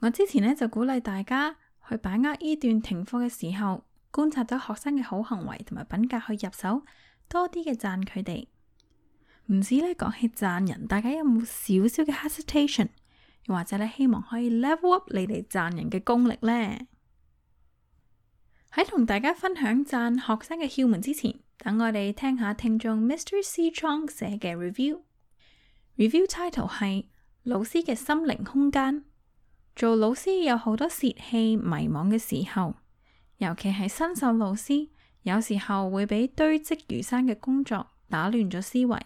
我之前呢，就鼓勵大家去把握呢段停課嘅時候，觀察到學生嘅好行為同埋品格去入手多啲嘅讚佢哋。唔止呢講起讚人，大家有冇少少嘅 hesitation，或者你希望可以 level up 你哋讚人嘅功力呢？喺同大家分享讚學生嘅竅門之前，等我哋聽下聽眾 Mr. C. Trong 寫嘅 review。review title 係老師嘅心靈空間。做老師有好多洩氣、迷茫嘅時候，尤其係新手老師，有時候會俾堆積如山嘅工作打亂咗思維，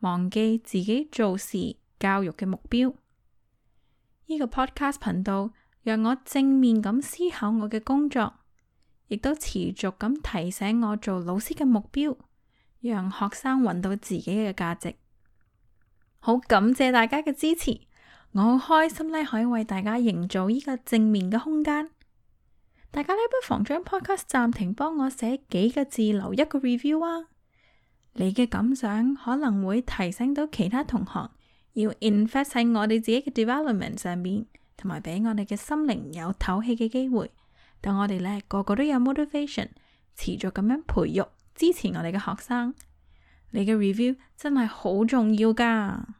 忘記自己做事教育嘅目標。呢個 podcast 頻道讓我正面咁思考我嘅工作，亦都持續咁提醒我做老師嘅目標，讓學生揾到自己嘅價值。好，感謝大家嘅支持。我好開心咧，可以為大家營造依個正面嘅空間。大家咧不妨將 podcast 暫停，幫我寫幾個字，留一個 review 啊。你嘅感想可能會提醒到其他同學要 invest 喺我哋自己嘅 development 上面，同埋俾我哋嘅心靈有透氣嘅機會。等我哋咧個個都有 motivation，持續咁樣培育支持我哋嘅學生。你嘅 review 真係好重要噶～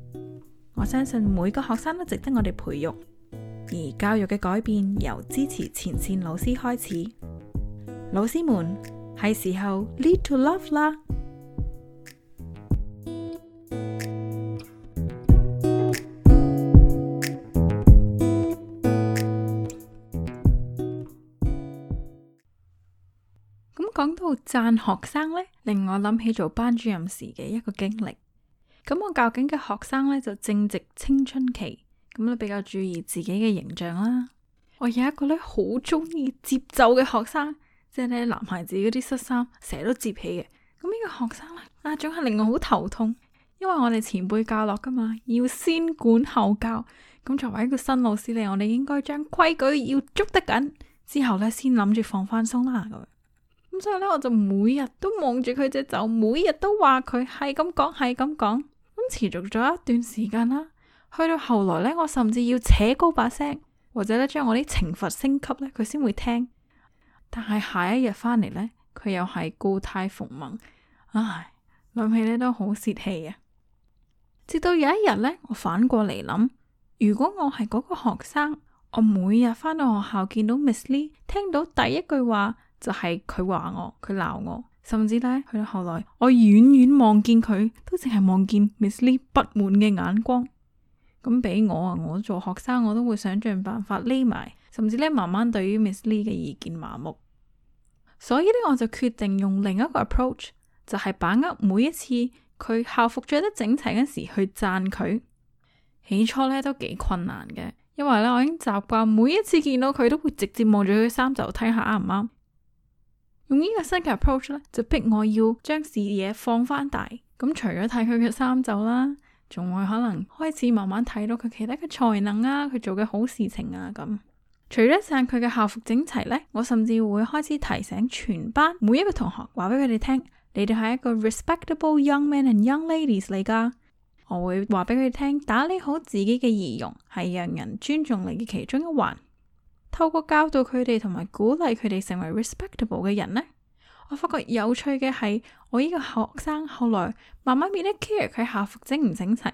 我相信每個學生都值得我哋培育，而教育嘅改變由支持前線老師開始。老師們，係時候 lead to love 啦！咁講到讚學生呢，令我諗起做班主任時嘅一個經歷。咁我教緊嘅學生呢，就正值青春期，咁都比較注意自己嘅形象啦。我有一個呢好中意折袖嘅學生，即係呢男孩子嗰啲恤衫成日都折起嘅。咁呢個學生呢，啊，總係令我好頭痛，因為我哋前輩教落噶嘛，要先管後教。咁作為一個新老師嚟，我哋應該將規矩要捉得緊，之後呢先諗住放返鬆啦。咁，咁所以呢，我就每日都望住佢隻袖，每日都話佢，係咁講，係咁講。持續咗一段時間啦，去到後來呢，我甚至要扯高把聲，或者呢將我啲懲罰升級呢，佢先會聽。但係下一日返嚟呢，佢又係故態復萌，唉，諗起呢都好洩氣啊！直到有一日呢，我反過嚟諗，如果我係嗰個學生，我每日返到學校見到 Miss Lee，聽到第一句話就係佢話我，佢鬧我。甚至呢，去到後來，我遠遠望見佢，都淨係望見 Miss Lee 不滿嘅眼光。咁俾我啊，我做學生，我都會想盡辦法匿埋，甚至呢，慢慢對於 Miss Lee 嘅意見麻木。所以呢，我就決定用另一個 approach，就係、是、把握每一次佢校服着得整齊嗰時去讚佢。起初呢，都幾困難嘅，因為呢，我已經習慣每一次見到佢都會直接望住佢衫袖睇下啱唔啱。看看對用呢個新嘅 approach 咧，就逼我要將視野放翻大。咁除咗睇佢嘅衫袖啦，仲會可能開始慢慢睇到佢其他嘅才能啊，佢做嘅好事情啊咁。除咗讚佢嘅校服整齊呢，我甚至會開始提醒全班每一個同學，話俾佢哋聽：你哋係一個 respectable young man and young ladies 嚟噶。我會話俾佢哋聽，打理好自己嘅儀容係讓人尊重你嘅其中一環。透過教導佢哋，同埋鼓勵佢哋成為 respectable 嘅人呢，我發覺有趣嘅係，我依個學生後來慢慢變得 care 佢校服整唔整齊。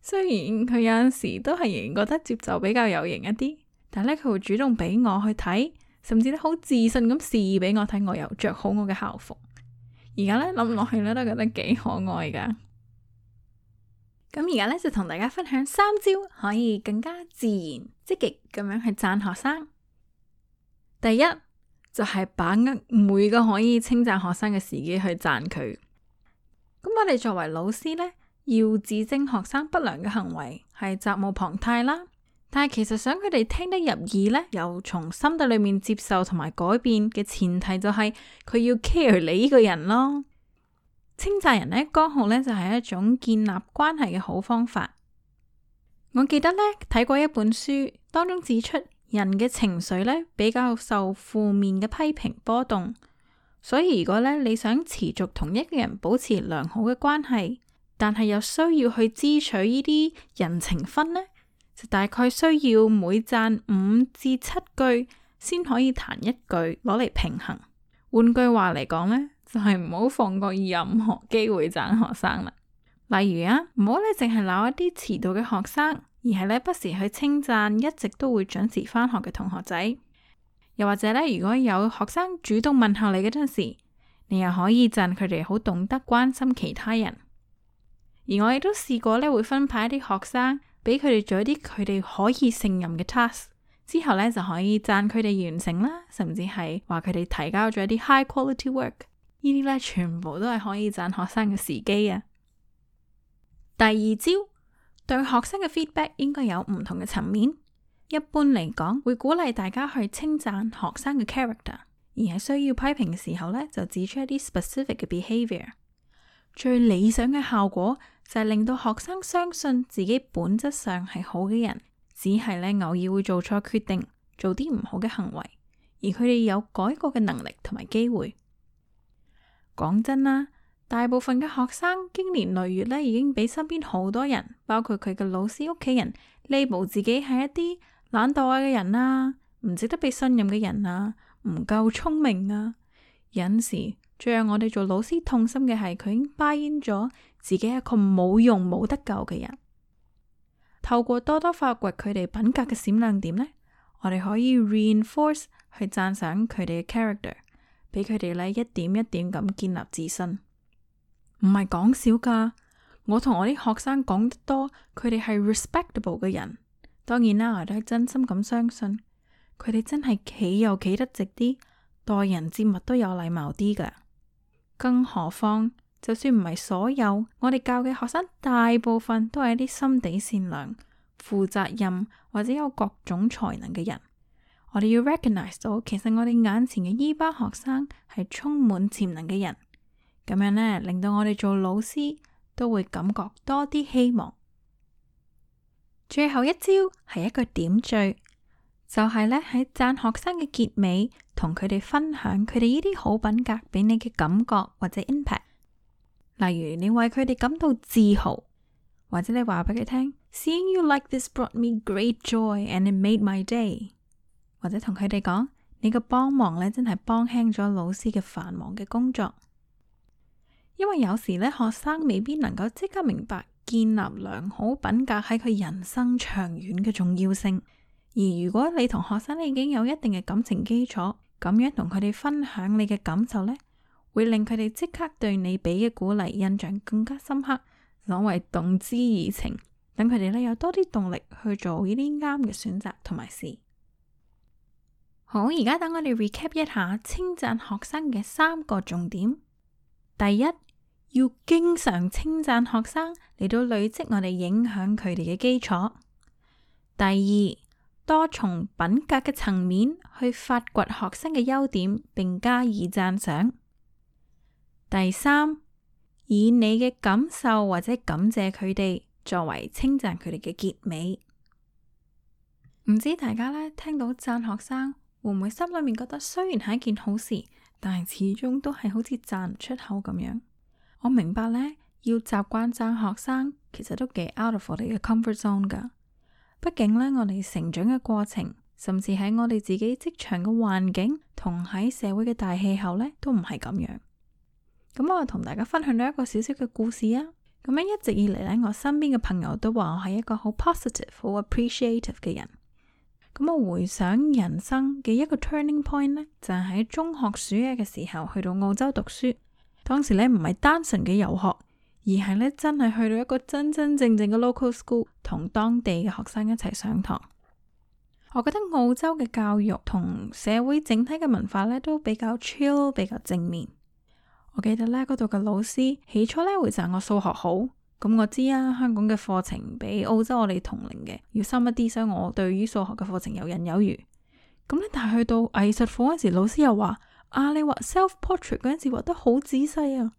雖然佢有陣時都係仍然覺得節奏比較有型一啲，但咧佢會主動俾我去睇，甚至咧好自信咁示意俾我睇，我有着好我嘅校服。而家呢，諗落去咧，都覺得幾可愛噶。咁而家呢，就同大家分享三招，可以更加自然、積極咁樣去讚學生。第一就係把握每個可以稱讚學生嘅時機去讚佢。咁我哋作為老師呢，要指正學生不良嘅行為係責無旁貸啦。但係其實想佢哋聽得入耳呢，又從心底裏面接受同埋改變嘅前提就係佢要 care 你呢個人咯。稱讚人呢，剛好呢，就係一種建立關係嘅好方法。我記得呢，睇過一本書，當中指出。人嘅情緒咧比較受負面嘅批評波動，所以如果咧你想持續同一個人保持良好嘅關係，但係又需要去支取呢啲人情分呢，就大概需要每讚五至七句先可以彈一句攞嚟平衡。換句話嚟講咧，就係唔好放過任何機會讚學生啦。例如啊，唔好你淨係鬧一啲遲到嘅學生。而係咧不時去稱讚一直都會準時翻學嘅同學仔，又或者咧如果有學生主動問候你嗰陣時，你又可以讚佢哋好懂得關心其他人。而我亦都試過咧會分派一啲學生俾佢哋做一啲佢哋可以勝任嘅 task，之後咧就可以讚佢哋完成啦，甚至係話佢哋提交咗一啲 high quality work，呢啲咧全部都係可以讚學生嘅時機啊。第二招。對學生嘅 feedback 應該有唔同嘅層面。一般嚟講，會鼓勵大家去稱讚學生嘅 character，而喺需要批評嘅時候呢，就指出一啲 specific 嘅 behavior。最理想嘅效果就係令到學生相信自己本質上係好嘅人，只係呢偶爾會做錯決定，做啲唔好嘅行為，而佢哋有改過嘅能力同埋機會。講真啦～大部分嘅學生經年累月咧，已經俾身邊好多人，包括佢嘅老師、屋企人 ，label 自己係一啲懶惰嘅人啦、啊，唔值得被信任嘅人啊，唔夠聰明啊。有陣時最讓我哋做老師痛心嘅係佢已經 buy in 咗自己一個冇用、冇得救嘅人。透過多多發掘佢哋品格嘅閃亮點呢，我哋可以 reinforce 去讚賞佢哋嘅 character，俾佢哋咧一點一點咁建立自信。唔係講笑噶，我同我啲學生講得多，佢哋係 respectable 嘅人。當然啦，我都係真心咁相信，佢哋真係企又企得直啲，待人接物都有禮貌啲噶。更何況，就算唔係所有，我哋教嘅學生大部分都係一啲心地善良、負責任或者有各種才能嘅人。我哋要 recognize 到，其實我哋眼前嘅呢班學生係充滿潛能嘅人。咁樣呢，令到我哋做老師都會感覺多啲希望。最後一招係一個點綴，就係呢：喺讚學生嘅結尾，同佢哋分享佢哋呢啲好品格俾你嘅感覺或者 impact。例如，你為佢哋感到自豪，或者你話俾佢聽，Seeing you like this brought me great joy and it made my day。或者同佢哋講，你嘅幫忙呢，真係幫輕咗老師嘅繁忙嘅工作。因為有時咧，學生未必能夠即刻明白建立良好品格喺佢人生長遠嘅重要性。而如果你同學生已經有一定嘅感情基礎，咁樣同佢哋分享你嘅感受呢，會令佢哋即刻對你俾嘅鼓勵印象更加深刻，所謂動之以情，等佢哋呢有多啲動力去做呢啲啱嘅選擇同埋事。好，而家等我哋 recap 一下稱讚學生嘅三個重點。第一。要經常稱讚學生嚟到累積我哋影響佢哋嘅基礎。第二，多從品格嘅層面去發掘學生嘅優點，並加以讚賞。第三，以你嘅感受或者感謝佢哋作為稱讚佢哋嘅結尾。唔知大家呢，聽到讚學生會唔會心裏面覺得，雖然係一件好事，但係始終都係好似讚唔出口咁樣。我明白呢，要習慣讚學生，其實都幾 out of 我哋嘅 comfort zone 噶。畢竟呢，我哋成長嘅過程，甚至喺我哋自己職場嘅環境，同喺社會嘅大氣候呢，都唔係咁樣。咁我同大家分享咗一個小小嘅故事啊。咁樣一直以嚟呢，我身邊嘅朋友都話我係一個好 positive、好 appreciative 嘅人。咁我回想人生嘅一個 turning point 呢，就係喺中學暑假嘅時候去到澳洲讀書。當時咧，唔係單純嘅遊學，而係咧真係去到一個真真正正嘅 local school，同當地嘅學生一齊上堂。我覺得澳洲嘅教育同社會整體嘅文化咧都比較 chill，比較正面。我記得咧，嗰度嘅老師起初咧會讚我數學好，咁我知啊，香港嘅課程比澳洲我哋同齡嘅要深一啲，所以我對於數學嘅課程游刃有餘。咁咧，但係去到藝術課嗰時，老師又話。啊！你畫 self portrait 嗰陣時畫得好仔細啊，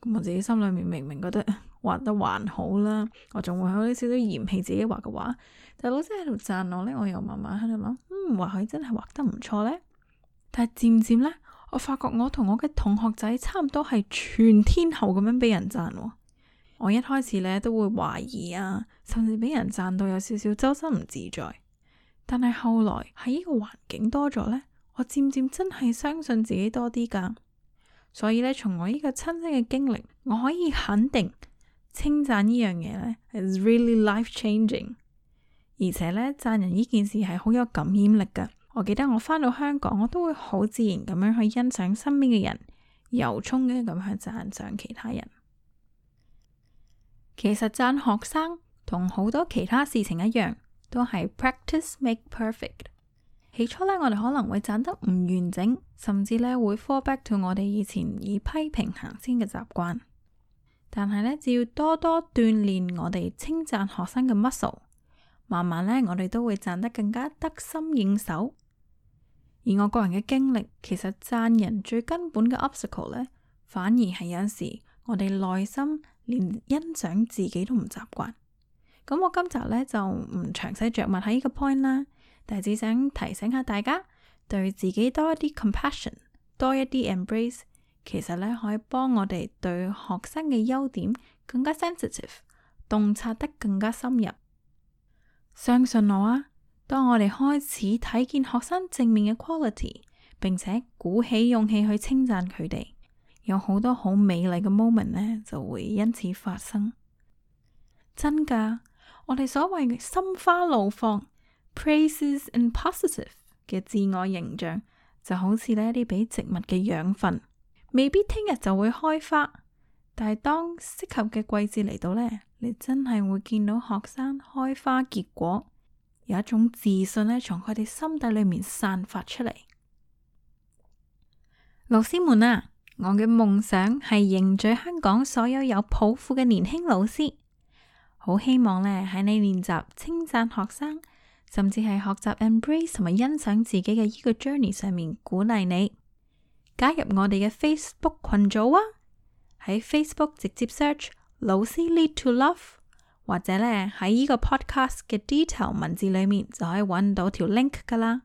咁我自己心裏面明明覺得畫得還好啦，我仲會有啲少少嫌棄自己畫嘅畫。但老師喺度讚我咧，我又慢慢喺度諗，嗯，或許真係畫得唔錯咧。但係漸漸咧，我發覺我同我嘅同學仔差唔多係全天候咁樣俾人讚。我一開始咧都會懷疑啊，甚至俾人讚到有少少周身唔自在。但係後來喺呢個環境多咗咧。我漸漸真係相信自己多啲噶，所以呢，從我呢個親身嘅經歷，我可以肯定稱讚呢樣嘢呢係 really life changing。而且呢讚人呢件事係好有感染力噶。我記得我翻到香港，我都會好自然咁樣去欣賞身邊嘅人，由衷嘅咁去讚賞其他人。其實讚學生同好多其他事情一樣，都係 practice make perfect。起初呢，我哋可能會讚得唔完整，甚至呢會 fall back to 我哋以前以批評行先嘅習慣。但係呢，只要多多鍛煉我哋稱讚學生嘅 muscle，慢慢呢，我哋都會讚得更加得心應手。而我個人嘅經歷，其實讚人最根本嘅 obstacle 呢，反而係有陣時我哋內心連欣賞自己都唔習慣。咁我今集呢，就唔詳細著墨喺呢個 point 啦。但係只想提醒下大家，對自己多一啲 compassion，多一啲 embrace，其實呢可以幫我哋對學生嘅優點更加 sensitive，洞察得更加深入。相信我啊，當我哋開始睇見學生正面嘅 quality，並且鼓起勇氣去稱讚佢哋，有好多好美麗嘅 moment 呢就會因此發生。真㗎，我哋所謂嘅心花怒放。Praises and positive 嘅自我形象就好似呢啲俾植物嘅養分，未必聽日就會開花，但係當適合嘅季節嚟到呢，你真係會見到學生開花結果，有一種自信呢，從佢哋心底裏面散發出嚟。老師們啊，我嘅夢想係凝聚香港所有有抱負嘅年輕老師，好希望呢，喺你練習稱讚學生甚至係學習 embrace 同埋欣賞自己嘅呢個 journey 上面，鼓勵你加入我哋嘅 Facebook 群組啊！喺 Facebook 直接 search 老師 lead to love，或者咧喺呢個 podcast 嘅 detail 文字裏面就可以揾到條 link 噶啦。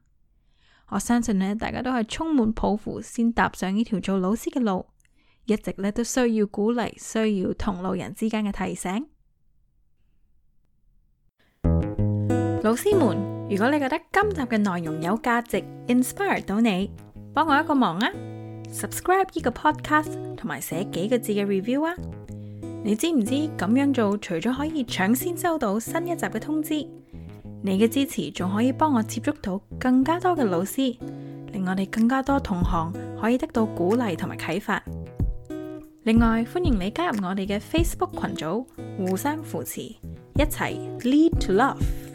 我相信咧，大家都係充滿抱負，先踏上呢條做老師嘅路，一直咧都需要鼓勵，需要同路人之間嘅提醒。老師們，如果你覺得今集嘅內容有價值，inspire 到你，幫我一個忙啊！Subscribe 呢個 podcast，同埋寫幾個字嘅 review 啊。你知唔知咁樣做，除咗可以搶先收到新一集嘅通知，你嘅支持仲可以幫我接觸到更加多嘅老師，令我哋更加多同行可以得到鼓勵同埋啟發。另外，歡迎你加入我哋嘅 Facebook 群組，互相扶持，一齊 Lead to Love。